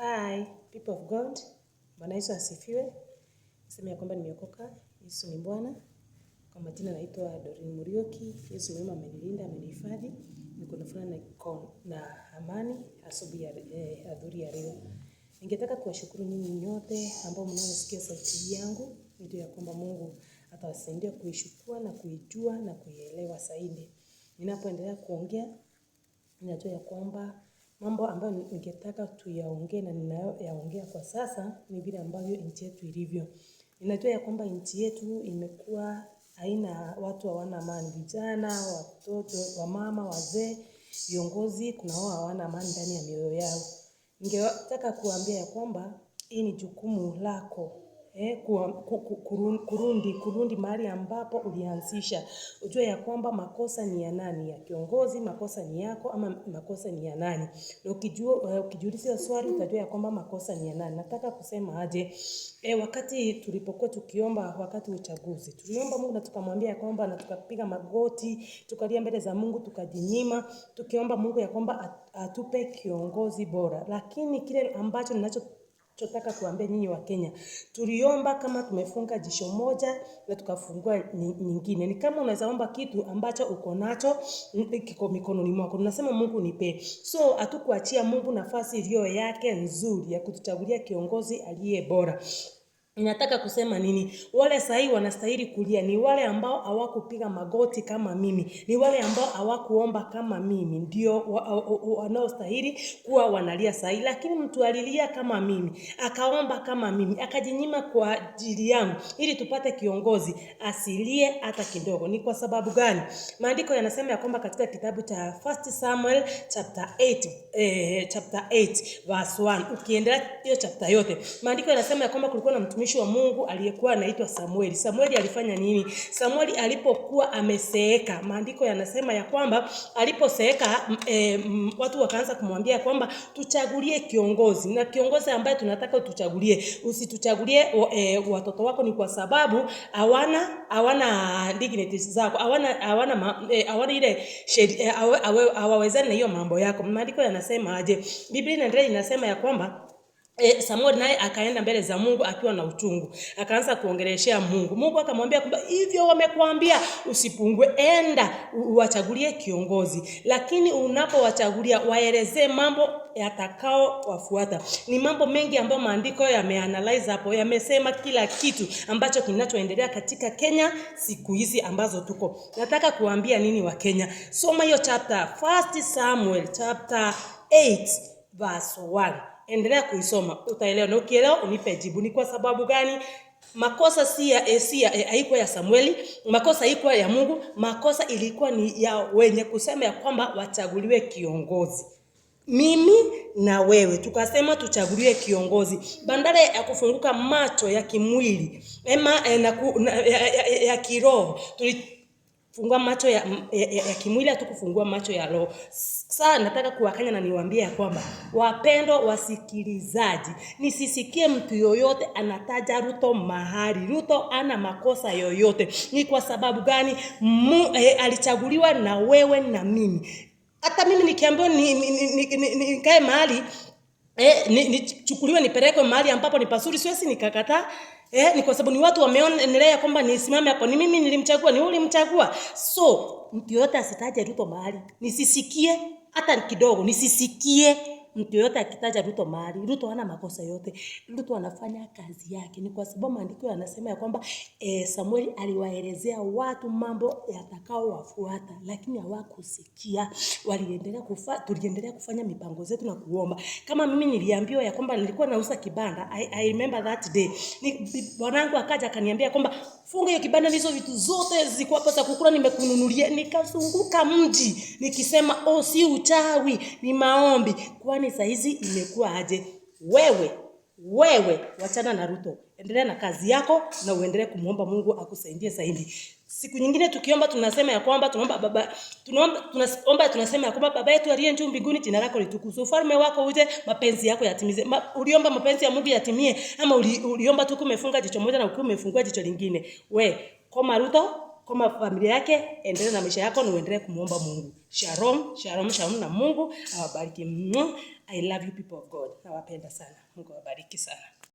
Hi, people of God. Bwana Yesu asifiwe. Niseme ya kwamba nimeokoka. Yesu ni Bwana. Kwa majina naitwa Doreen Murioki. Yesu mwema amenilinda, amenihifadhi. Niko na furaha na amani asubuhi ya eh, adhuria ya leo. Ningetaka kuwashukuru nyinyi nyote ambao mnaosikia sauti yangu. Ndio ya kwamba Mungu atawasaidia kuishukua na kuijua na kuielewa zaidi. Ninapoendelea kuongea ninajua ya kwamba Mambo ambayo ningetaka tuyaongee na ninayoyaongea kwa sasa ni vile ambavyo nchi yetu ilivyo. Ninajua ya kwamba nchi yetu imekuwa haina watu hawana amani vijana, watoto, wamama, wazee, viongozi, kuna wao hawana amani ndani ya mioyo yao. Ningetaka kuambia ya kwamba hii ni jukumu lako eh, kurundi, kurundi mahali ambapo ulianzisha. Ujue ya kwamba makosa ni ya nani, ya kiongozi, makosa ni yako ama makosa ni ya nani. Na ukijua eh, ukijiuliza swali utajua ya kwamba makosa ni ya nani. Nataka kusema aje? eh, wakati tulipokuwa tukiomba wakati uchaguzi, tuliomba Mungu na tukamwambia ya kwamba na tukapiga magoti, tukalia mbele za Mungu, tukajinyima, tukiomba Mungu ya kwamba atupe kiongozi bora. Lakini kile ambacho ninacho Tunataka kuambia nyinyi wa Kenya, tuliomba kama tumefunga jisho moja na tukafungua nyingine. Ni kama unaweza omba kitu ambacho uko nacho mm, kiko mikononi mwako, unasema Mungu nipe. So hatukuachia Mungu nafasi iliyo yake nzuri ya kutuchagulia kiongozi aliye bora. Ninataka kusema nini? Wale sahii wanastahili kulia ni wale ambao hawakupiga magoti kama mimi, ni wale ambao hawakuomba kama mimi, ndio wanaostahili wa, wa, wa, kuwa wanalia sahii. Lakini mtu alilia kama mimi, akaomba kama mimi, akajinyima kwa ajili yangu ili tupate kiongozi, asilie hata kidogo. Ni kwa sababu gani? Maandiko yanasema ya kwamba katika kitabu cha First Samuel chapter 8, eh, chapter 8 verse 1 ukiendelea hiyo chapter yote, maandiko yanasema ya kwamba kulikuwa na mtumishi mtumishi wa Mungu aliyekuwa anaitwa Samueli. Samueli alifanya nini? Samueli alipokuwa ameseeka, maandiko yanasema ya kwamba aliposeeka e, watu wakaanza kumwambia kwamba tuchagulie kiongozi, na kiongozi ambaye tunataka utuchagulie, usituchagulie e, watoto wako, ni kwa sababu hawana hawana dignity zako, hawana hawana e, hawana ile e, hawawezani na hiyo mambo yako. Maandiko yanasema aje? Biblia inaendelea inasema ya kwamba E, Samuel naye akaenda mbele za Mungu akiwa na uchungu, akaanza kuongeleshea Mungu. Mungu akamwambia kwamba hivyo wamekuambia usipungue, enda uwachagulie kiongozi, lakini unapowachagulia waelezee mambo yatakao wafuata. Ni mambo mengi ambayo maandiko yameanalyze hapo, yamesema kila kitu ambacho kinachoendelea katika Kenya siku hizi ambazo tuko. Nataka kuambia nini wa Kenya, soma hiyo chapter First Samuel chapter 8 verse 1 endelea kuisoma, utaelewa. Na ukielewa unipe jibu ni kwa sababu gani makosa si ya eh, ya eh, haikuwa ya Samueli, makosa haikuwa ya Mungu, makosa ilikuwa ni ya wenye kusema ya kwamba wachaguliwe kiongozi mimi na wewe tukasema tuchaguliwe kiongozi, bandara ya kufunguka macho ya kimwili ema, eh, eh, na, ku, na, ya, ya, ya, ya kiroho kufungua macho ya, ya, ya, ya kimwili hatu kufungua macho ya roho. Sasa nataka kuwakanya na niwaambie ya kwamba wapendwa wasikilizaji, nisisikie mtu yoyote anataja Ruto mahali. Ruto ana makosa yoyote. Ni kwa sababu gani? Mu, eh, alichaguliwa na wewe na mimi. Hata mimi nikiambiwa nikae ni, ni, ni, ni, ni, mahali eh, ni, ni, nichukuliwe nipelekwe mahali ambapo ni pazuri, siwezi nikakataa. Eh, ni kwa sababu ni watu wameonelea kwamba nisimame hapo, ni mimi nilimchagua, ni ulimchagua. So mtu yoyote asitaje Ruto mahali nisisikie hata kidogo, nisisikie mtu yoyote akitaja Ruto mahali, Ruto hana makosa yote. Ruto anafanya kazi yake, ni kwa sababu maandiko yanasema ya kwamba e, eh, Samuel aliwaelezea watu mambo yatakao wafuata, lakini hawakusikia. Waliendelea kufa, tuliendelea kufanya mipango zetu na kuomba. Kama mimi niliambiwa ya kwamba nilikuwa nauza kibanda, I, I remember that day ni bwanangu akaja akaniambia kwamba funga hiyo kibanda, hizo vitu zote ziko hapa za kukula, nimekununulia. Nikazunguka mji nikisema, oh, si uchawi, ni maombi kwa kwani saa hizi imekuwa aje? Wewe wewe, wachana na Ruto, endelea na kazi yako na uendelee kumwomba Mungu akusaidie zaidi. Siku nyingine tukiomba tunasema ya kwamba tunaomba baba tunaomba tunaomba tunasema ya kwamba baba yetu aliye juu mbinguni, jina lako litukuzwe, ufalme wako uje, mapenzi yako yatimize. Ma, uliomba mapenzi ya Mungu yatimie, ama uli, uliomba tu kumefunga jicho moja na ukiwa umefungua jicho lingine? We koma Ruto kama familia yake, endelee na maisha yako na uendelee kumuomba Mungu. Shalom, shalom, shalom na Mungu awabariki. I love you people of God. Nawapenda sana. Mungu awabariki sana.